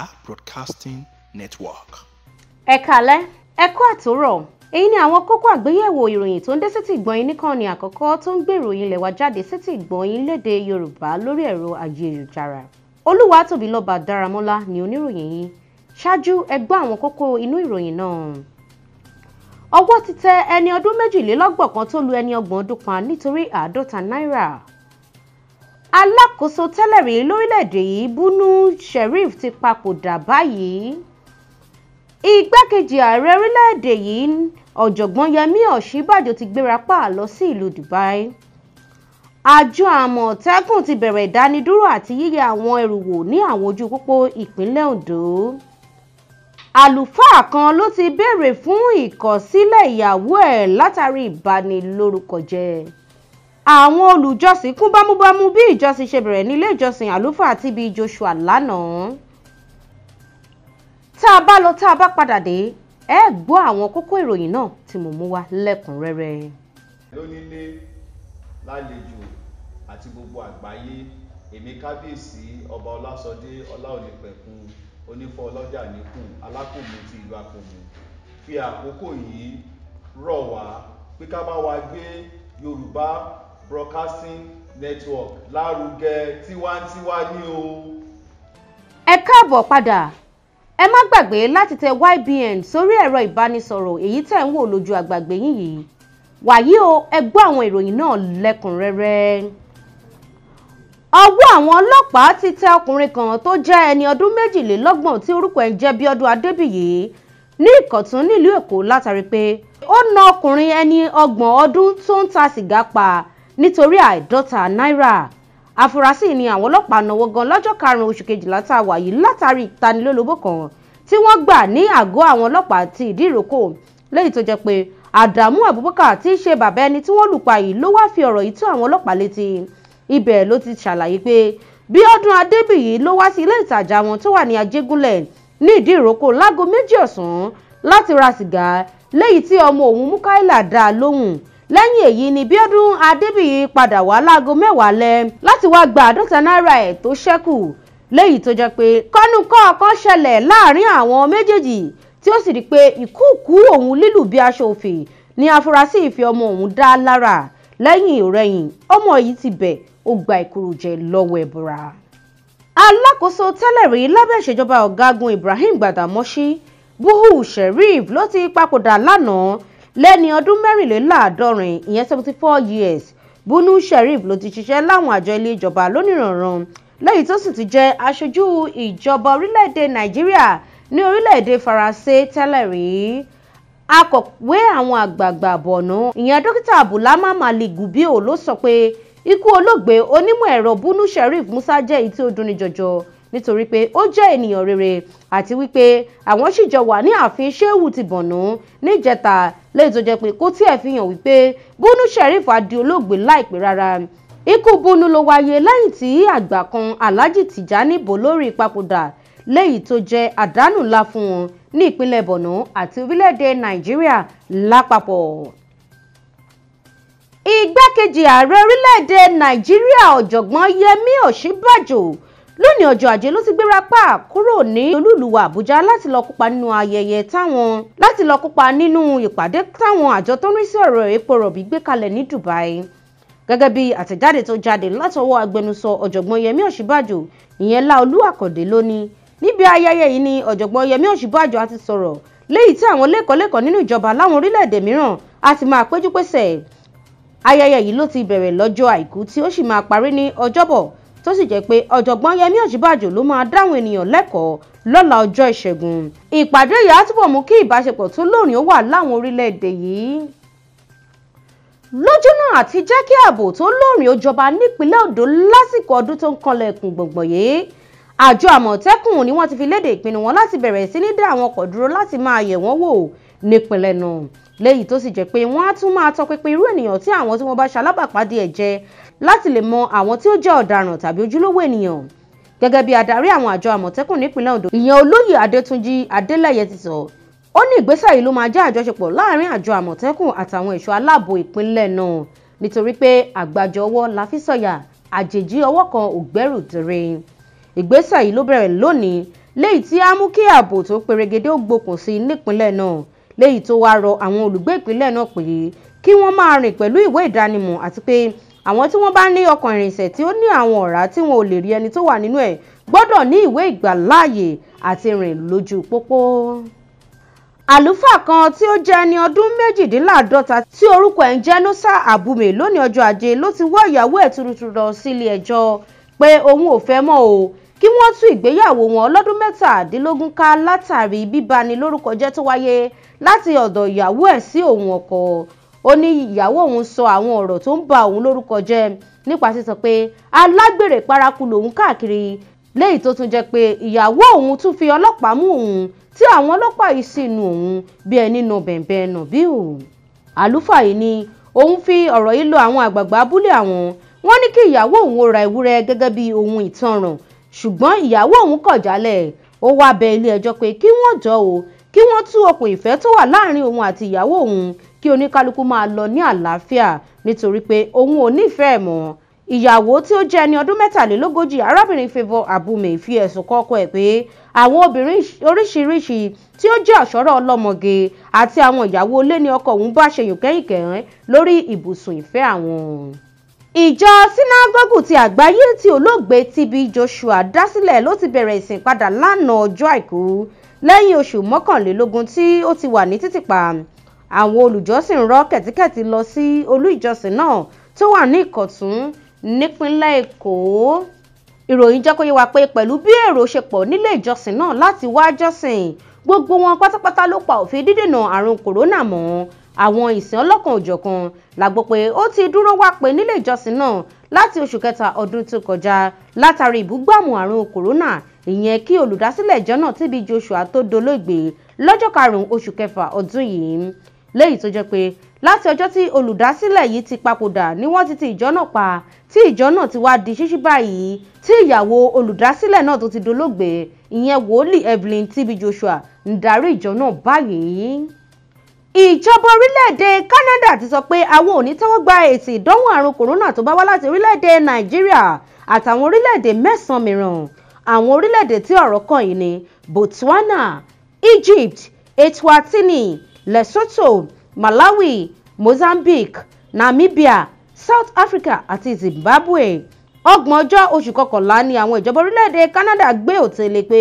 Yorùbá Broadcasting Network. ẹ kálẹ́ ẹ kú àtúrọ̀ èyí ni àwọn kókó àgbéyẹ̀wò ìròyìn tó ń dé sétí ìgbọ̀nyín nìkànnì àkọ́kọ́ tó ń gbé ìròyìn ilẹ̀ wa jáde sétí ìgbọ̀nyín léde Yorùbá lórí ẹ̀rọ ayélujára Olúwatóbilọ́ba Dáramọ́lá ni oníròyìn yìí ṣáájú ẹ gbọ́ àwọn kókó inú ìròyìn náà ọwọ́ ti tẹ ẹni ọdún méjìlélọ́gbọ̀n kan tó lu ẹni ọgbọ̀n ọdún pa nítorí àádọ́ta náírà alákòóso tẹ́lẹ̀rí lórílẹ̀‐èdè yìí Bunu Sheriff ti papòdà báyìí igbákejì ààrẹ orílẹ̀‐èdè yìí ọ̀jọ̀gbọ́n Yẹmí Ọ̀ṣínbàjò ti gbéra pa lọ sí ìlú Dubai àjọ àmọ̀tẹ́kùn ti bẹ̀rẹ̀ ìdánidúró àti yíyẹ àwọn ẹrù wò ní àwọn ojú pópó ìpínlẹ̀ Ondo àlùfáà kan ló ti béèrè fún ìkọ̀sílẹ̀ ìyàwó ẹ̀ látàrí ìbanilórúkọjẹ́ àwọn olùjọsìn kún bámúbámú bí ìjọsìn ṣe bẹ̀rẹ̀ nílé ìjọsìn àlùfáà àti ibi Joshua lánàá tá a bá lọ tá a bá padà dé ẹ gbọ́ àwọn kókó ìròyìn náà tí mo mú wá lẹ́kùnrẹ́rẹ́. lónílé lálejò àti gbogbo àgbáyé èmi kábíyèsí ọba ọlásọdé ọláòlè pẹ̀kun onífọ ọlọ́jà níkùn alákòmù ti ìlú àkòmù fi àkókò yìí rọ̀ wá pé ká bá wa gbé yorùbá broadcasting network lárugẹ tiwantiwa ní o. ẹ káàbọ̀ padà ẹ má gbàgbé láti tẹ YBN sórí ẹ̀rọ ìbánisọ̀rọ̀ èyí tẹ̀ ń wò lójú àgbàgbé yín yìí wàyí o ẹ gbọ́ àwọn ìròyìn náà lẹ́kùnrẹ́rẹ́ ọwọ́ àwọn ọlọ́pàá ti tẹ ọkùnrin kan tó jẹ́ ẹni ọdún méjìlélọ́gbọ̀n tí orúkọ ẹ̀ ń jẹ́ Bíọ́dún Adébíyì ní Ìkọ̀tún nílùú Èkó látàrí pé ó na ọkùnrin ẹni ọgbọ̀n ọdún tó ń ta sìgá pa nítorí àìdọ́ta náírà àfúrásì ni àwọn ọlọ́pàá náwó gan lọ́jọ́ karùn-ún oṣù kejìlá tá a wà yìí látàrí ìtanilólobó kan tí wọ́n gbà ní àgọ́ àwọn ọlọ́pàá ti ìdí ìrókò lẹ́yìn tó jẹ́ pé Àdàmú Abubakar tí í ṣe bàbá ẹni tí wọ́n lù pa yìí ló wá fi ọ̀rọ̀ yìí tó àwọn ọlọ́pàá létí ibẹ̀ ló ti ṣàlàyé pé Bíọ́dún Adébíyì ló wá sí ilé ìtajà wọn tó wà ní Ajégúnlẹ̀ ní ìdí ìrókò láago méjì ọ̀sán láti ra sìgá lẹ́yìn tí ọmọ òun Mukaila dá lóhùn lẹ́yìn èyí ni Bíọ́dún Adébíyí padà wá láago mẹ́wàá lẹ láti wá gba àádọ́ta náírà ẹ̀ tó ṣẹ́kù léyìí tó jẹ́ pé kọ́nùkọ́ọ̀kan ṣẹlẹ̀ láàrin àwọn méjèèjì tí ó sì rí i pé ìkúùkú òun lílù bí aṣọ òfì ni afurasí ìfi ọmọ òun dá lára lẹ́yìn ìrẹ́yìn ọmọ yìí ti bẹ̀ ó gba ìkúrùjẹ lọ́wọ́ ẹ̀bùrà. alákòóso tẹ́lẹ̀ rí lábẹ́ ìṣèjọba ọ̀gágun Ibrahim Gbàdàmọ́sí Buhu Sheriff ló ti papòdà lánàá lẹ́ni ọdún mẹ́rìnléláàádọ́rin ìyẹn seventy four years Bunu Sheriff ló ti ṣiṣẹ́ láwọn àjọ ilé ìjọba lónìrànràn lẹ́yìn tó sì ti jẹ́ aṣojú ìjọba orílẹ̀-èdè Nàìjíríà ní orílẹ̀-èdè Faransé tẹ́lẹ̀ rí akọ̀wé àwọn àgbààgbà Borno ìyẹn dókítà Bulama Malik ló sọ pé ikú olóògbé onímọ̀ ẹ̀rọ Bunu Sheriff Musa jẹ́ èyí tí ó dunni jọjọ nítorí pé ó jẹ́ ènìyàn rere àti wípé àwọn sì jọ wà ní ààfin Shehu ti Borno níjẹta lẹ́yìn tó jẹ́ pé kó tí ẹ̀ fi hàn wípé Bunu Sheriff á di olóògbé láìpẹ́ rárá ikú Bunu ló wáyé lẹ́yìn tí àgbà kan Alhaji Tijani Bolori papòdà lẹ́yìn tó jẹ́ àdánù ńlá fún wọn ní ìpínlẹ̀ Borno àti orílẹ̀-èdè Nàìjíríà lápapọ̀ igbákejì ààrẹ orílẹ̀-èdè Nàìjíríà ọ̀jọ̀gbọ́n Yẹmí Ọ̀ṣínbàjò lónìí ọjọ́ ajé ló ti gbéra pa kúrò ní olúùlúwa àbújá láti lọ kópa nínú ayẹyẹ táwọn láti lọ kópa nínú ìpàdé táwọn àjọ tó ń rí sí ọ̀rọ̀ epo rọ̀bì gbé kalẹ̀ ní dubai gẹ́gẹ́ bí àtẹ̀jáde tó jáde látọwọ́ agbẹnusọ ọ̀jọ̀gbọ́n yẹmí ọ̀ṣínbàjò ìyẹn láolú àkàndé lónìí níbi ayẹyẹ yìí ni ọ̀jọ̀gbọ́n yẹmí ọ̀ṣínbàjò á ti léyìí tí àwọn lẹ́kọ̀ọ́lẹ́kọ̀ọ́ nínú ìjọba láwọn orílẹ̀ mìíràn á ti máa péjúpésẹ̀ ayẹyẹ yìí ló ti bẹ̀rẹ̀ lọ́jọ́ àìkú tí ó sì máa parí ní ọjọ́bọ̀ tó sì jẹ́ pé ọ̀jọ̀gbọ́n Yẹmí Ọ̀ṣínbàjò ló máa dáhùn ènìyàn lẹ́kọ̀ọ́ lọ́la ọjọ́ ìṣẹ́gun ìpàdé yìí á túbọ̀ mú kí ìbáṣepọ̀ tó lóòrìn ó wà láwọn orílẹ̀-èdè yìí lójúnà àti jẹ́ kí ààbò tó lóòrìn ó jọba nípínlẹ̀ Ondo lásìkò ọdún tó ń kanlẹ̀kùn gbọ̀ngbọ̀n yìí àjọ àmọ̀tẹ́kùn ni wọ́n ti fi léde ìpinnu wọn láti bẹ̀rẹ̀ sí ní dá àwọn ọkọ̀ dúró láti máa yẹ̀ wọ́n wò nípínlẹ̀ náà léyìí tó sì jẹ́ pé wọ́n á tún máa tọpinpin irú ènìyàn tí àwọn tí wọ́n bá ṣalábàpàdé ẹ̀ jẹ́ láti lè mọ àwọn tí ó jẹ́ ọ̀daràn tàbí ojúlówó ènìyàn gẹ́gẹ́ bí adarí àwọn àjọ àmọ̀tẹ́kùn nípínlẹ̀ Ondo ìyẹn olóyè Adétúnjì Adélẹ́yẹ ti sọ ó ní ìgbésẹ̀ yìí ló máa jẹ́ àjọṣepọ̀ láàrin àjọ àmọ̀tẹ́kùn àtàwọn ẹ̀ṣọ́ aláàbò ìpínlẹ̀ náà nítorí pé àgbájọ ọwọ́ la fi sọ̀yà àjèjì ọwọ́ kan ò gbẹ́rù dèrè ìgbésẹ̀ yìí ló bẹ̀rẹ̀ lónìí léyìí tí á mú kí ààbò tó perégedé ó gbókùn sí nípínlẹ̀ náà léyìí tó wá rọ àwọn olùgbé ìpínlẹ̀ náà kí wọ́n máa rìn pẹ̀lú ìwé ìdánimọ̀ àti pé àwọn tí wọ́n bá ní ọkọ̀ ìrìnsẹ̀ tí ó ní àwọn ọ̀rá tí wọn ò lè rí ẹni tó wà nínú ẹ̀ gbọ́dọ̀ ní ìwé ìgbàláàyè àti rìn lójú pópó. àlùfáà kan tí ó jẹ́ ẹni ọdún méjìdínláàádọ́ta tí orúkọ ẹ̀ ń jẹ́ Nosa Abume lónìí ọjọ́ ajé ló ti wọ́ ìyàwó ẹ̀ tuntun lọ sílé ẹjọ́ pé òun ò fẹ́ mọ́ o kí wọ́n tú ìgbéyàwó wọn ọlọ́dún mẹ́tàdínlógún ká látàrí bíbani lórúkọ jẹ́ tó wáyé láti ọ̀dọ̀ ìyàwó ẹ̀ sí òun ọkọ ó ní ìyàwó òun sọ àwọn ọ̀rọ̀ tó ń ba òun lórúkọ jẹ́ nípa sísọ pé alágbèrè paraku lòun káàkiri léyìí tó tún jẹ́ pé ìyàwó òun tún fi ọlọ́pàá mú òun tí àwọn ọlọ́pàá yìí sì nu òun bí ẹni nu bẹ̀ǹbẹ̀ nà bí òun. àlùfáà yìí ni òun fi ọ̀rọ̀ yìí lọ àwọn àgbààgbà abúlé àwọn wọ́n ní kí ìyàwó òun ra ewúrẹ́ gẹ́gẹ́ bí ohun ìtanràn ṣùgbọ́n ìyàwó òun kọ̀ jálẹ̀ ó wá bẹ ilé ẹjọ́ pé kí wọ́n jọ o kí wọ́n tú okùn ìfẹ́ tó wà láàrin òun àti ìyàwó òun kí oníkálukú máa lọ ní àlàáfíà nítorí pé òun ò nífẹ̀ẹ́ mọ́ ìyàwó tí ó jẹ́ ẹni ọdún mẹ́tàlélógójì arábìnrin Favour Abume fi ẹ̀sùn kan ọkọ ẹ̀ pé àwọn obìnrin oríṣiríṣi tí ó jẹ́ ọ̀ṣọ́rọ̀ ọlọ́mọge àti àwọn ìyàwó ilé ni ọkọ òun bá ṣe yùnkẹ́yìnkẹ́ lórí ibùsùn ìfẹ́ àwọn. ìjọ sínágọ́gù ti àgbáyé tí olóògbé TB Joshua dá sílẹ̀ ló ti bẹ̀rẹ̀ ìsìn padà lánàá ọjọ́ àìkú lẹ́yìn oṣù mọ́kànlélógún tí ó ti wà ní títìpa àwọn olùjọ́sìn rọ́ kẹ̀tíkẹ̀tí lọ sí olú ìjọsìn náà tó wà ní ìkọ̀tún nípínlẹ̀ èkó ìròyìn jẹ́ kó yé wa pé pẹ̀lú bí èrò ṣe pọ̀ nílé ìjọsìn náà láti wá jọ́sìn gbogbo wọn pátápátá ló pa òfin dídènà àrùn kòrónà mọ́ àwọn ìsìn ọlọ́kan òjọ̀kan la gbọ́ pé ó ti dúró wá pé nílé ìjọsìn náà láti oṣù kẹta ọdún tó kọjá látàrí ìbúgbàmù àrùn kòrónà ìyẹn kí olùdásílẹ̀ ìjọ náà TB Joshua tó dolóògbé lọ́jọ́ karùn-ún oṣù kẹfà ọdún yìí léyìí tó jẹ́ pé láti ọjọ́ tí olùdásílẹ̀ yìí ti papòdà ni wọ́n ti ti ìjọ náà pa tí ìjọ náà ti wá di ṣíṣí báyìí tí ìyàwó olùdásílẹ̀ náà tó ti dolóògbé ìyẹn wòlíì Evelyn TB Joshua ń darí ìjọ náà báyìí. ìjọba orílẹ̀-èdè Canada ti sọ pé àwọn ò ní tẹ́wọ́ gba èsì ìdánwò àrùn kòrónà tó bá wá láti orílẹ̀-èdè Nàìjíríà àtàwọn orílẹ̀-èdè mẹ́sàn-án mìíràn àwọn orílẹ̀-èdè tí ọ̀rọ̀ kàn yìí ni Botswana, Egypt, Eswatini lesotho malawi mozambique namibia south africa àti zimbabwe ọgbọ̀n ọjọ́ oṣù kọkànlá ni àwọn ìjọba orílẹ̀-èdè canada gbé òtẹ́lẹ̀ pé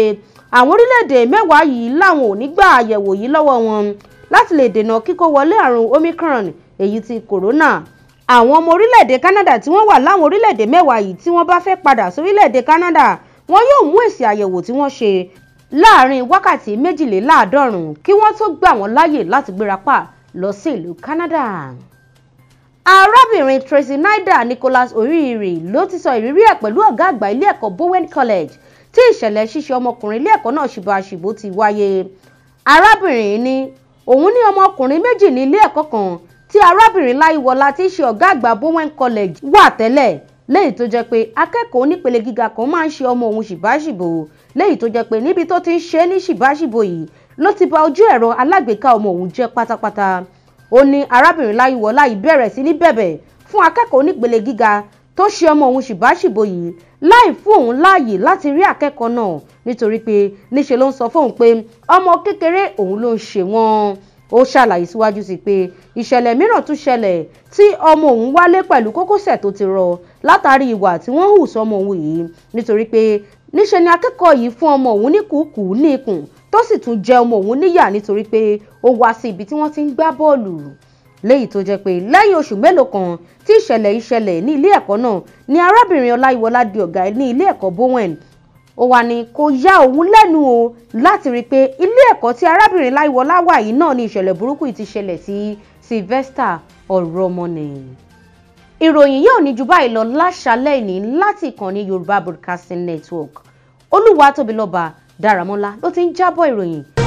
àwọn orílẹ̀-èdè mẹ́wàá yìí làwọn ò ní gba àyẹ̀wò yìí lọ́wọ́ wọn láti lè dènà kíkó wọlé àrùn omicron èyí ti corona àwọn ọmọ orílẹ̀-èdè canada tí wọ́n wà láwọn orílẹ̀-èdè mẹ́wàá yìí tí wọ́n bá fẹ́ padà sórílẹ̀-èdè canada wọn yóò mú èsì àyẹ̀wò tí wọ́n ṣe láàrin wákàtí méjìléláàádọ́rùn-ún kí wọ́n tó gbà wọ́n láàyè láti gbérapá lọ sí ìlú Canada. arábìnrin Tracy Naida Nicholas Oríire ló ti sọ ìrírí ẹ̀ pẹ̀lú ọ̀gá àgbà ilé ẹ̀kọ́ Bowen College tí ìṣẹ̀lẹ̀ ṣíṣe ọmọkùnrin ilé ẹ̀kọ́ náà ṣìbáṣìbó ti wáyé. arábìnrin ni òun ní ọmọkùnrin méjì ní ilé ẹ̀kọ́ kan tí arábìnrin Láyíwọlá tí í ṣe ọ̀gá àgbà Bowen College wà tẹ́lẹ̀ léyìí tó jẹ́ pé akẹ́kọ̀ọ́ onípele gíga kan máa ń ṣe ọmọ òun ṣìbáṣìbò léyìí tó jẹ́ pé níbi tó ti ń ṣe é ní ṣìbáṣìbò yìí ló ti ba ojú ẹ̀rọ alágbèéká ọmọ òun jẹ́ pátápátá ó ní arábìnrin láyíwọlá yìí bẹ̀rẹ̀ sí ní bẹ̀bẹ̀ fún akẹ́kọ̀ọ́ onípele gíga tó ṣe ọmọ òun ṣìbáṣìbò yìí láì fún òun láàyè láti rí akẹ́kọ̀ọ́ náà nítorí pé níṣe ló ń sọ fóun pé ọmọ kékeré òun ló ń ṣe wọ́n ó ṣàlàyé síwájú sí pé ìṣẹ̀lẹ̀ mìíràn tún ṣẹlẹ̀ tí ọmọ òun wálé pẹ̀lú kókósẹ̀ tó ti rọ látàrí ìwà tí wọ́n hù sọmọ òun yìí nítorí pé níṣe ni akẹ́kọ̀ọ́ yìí fún ọmọ òun ní kùkù ní ikùn tó sì tún jẹ ọmọ òun níyà nítorí pé ó wá sí ibi tí wọ́n ti ń gbá bọ́ọ̀lù léyìí tó jẹ́ pé lẹ́yìn oṣù mélòó kan tí ìṣẹ̀lẹ̀ ìṣẹ̀lẹ̀ ní ilé ẹ̀kọ́ náà ni arábìnrin ọláyíwọlá di ọ̀gá ní ilé ẹ̀kọ́ bowen ó wà ní kó yá òun lẹ́nu o láti rí i pé ilé ẹ̀kọ́ tí arábìnrin láyíwọlá wà yìí náà ni ìṣẹ̀lẹ̀ burúkú yìí ti ṣẹlẹ̀ sí Sylvester ọ̀rọ̀mọnì ìròyìn yóò ní ju báyìí lọ láṣálẹ́ ìní láti ìkànnì Yorùbá Broadcasting Network Olúwatóbilọ́ba Dáramọ́lá ló ti ń jábọ̀ ìròyìn